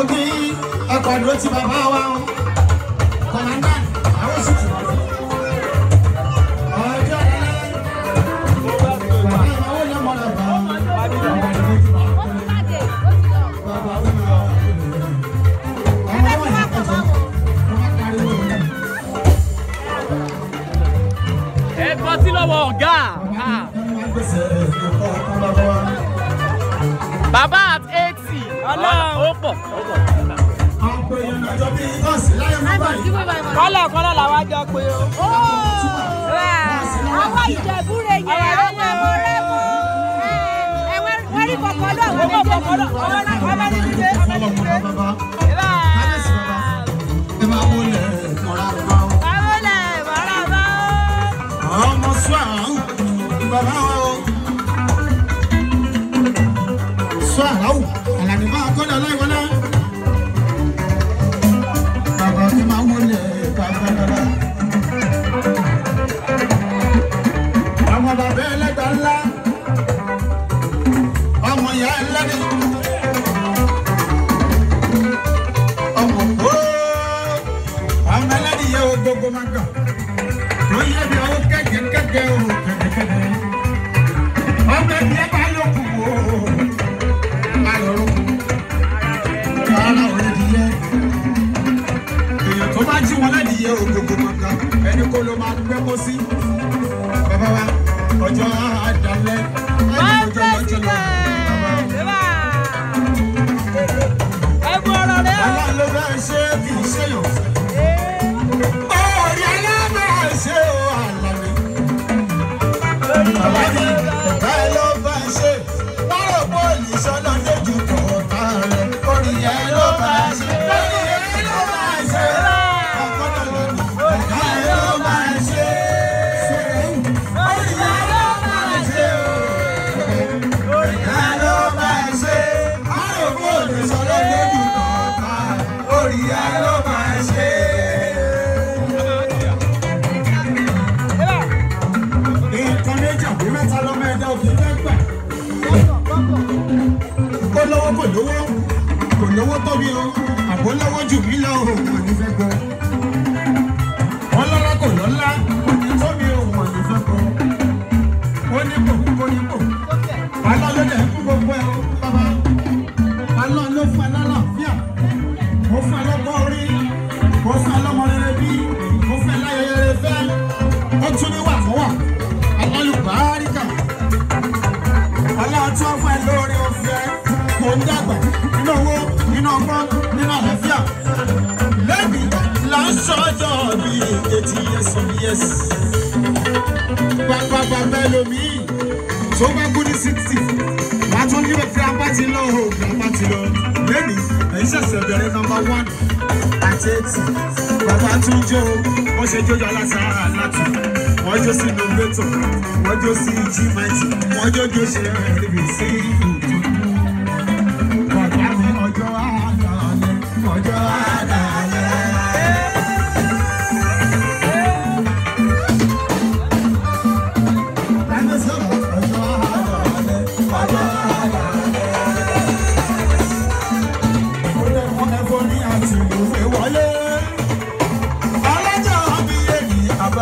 mo kí ẹ̀kọ́ dúró ti bàbá wa o kọ̀mándà àwọn oṣù tó wà. at eighty. ọlọ́run pọ̀. ọ̀pọ̀ èèyàn àjọ bí ọ̀sìn láyé mú báyìí. kọ́lọ̀ kọ́lọ̀ làwa jọ pé o. àwọn Ìjẹ̀bú rẹ̀ yẹn àwọn ọmọ rẹ̀ mọ́. wọ́n rí kọ̀kọ́lọ̀ wọ́n rí kọ̀kọ́lọ̀ ọmọ ní ìdílé ọmọ ní ìdílé. ẹ máa wọlé mọ́ra bá wọn. wọlé mọ́ra bá wọn. ọmọ sọ àwọn bàbá wọn. sọ àwọn. 来来来！kó ló máa gbẹ́ kó sí. bàbá wa ọjọ́ àdàlẹ́ ayé ọjọ́ lọ́jọ́ òfin fẹ́ gbà ó lówó kò lówó kò lówó tó bí o àbó lówó jù mí lọ òun kò ní fẹ́ gbọ́ ọlọ́lá kò ní. years bàbá bàbá ẹlòmíì tó bá kú ní sixty wàá tún níbẹ̀ fi apá ti lọ o apá just lọ lẹ́nu èyí ṣẹ̀ṣẹ̀ bẹ̀rẹ̀ nọmba one àti eighty bàbá tún jó wọ́n ṣe jójó aláṣàárà látù wọ́n jó sí innovator wọ́n jó sí g90 wọ́n jó jó ṣe rẹ̀ níbi sí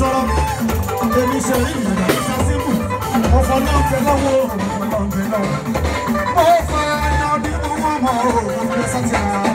tọrọ èmi ṣe rí ìgbà síbù mo fọ náà fẹ lọ́wọ́ òun mo fọ náà fẹ lọ́wọ́ mo fẹ́ náà ní owó ọmọ òun mo fẹ́ sátìrà.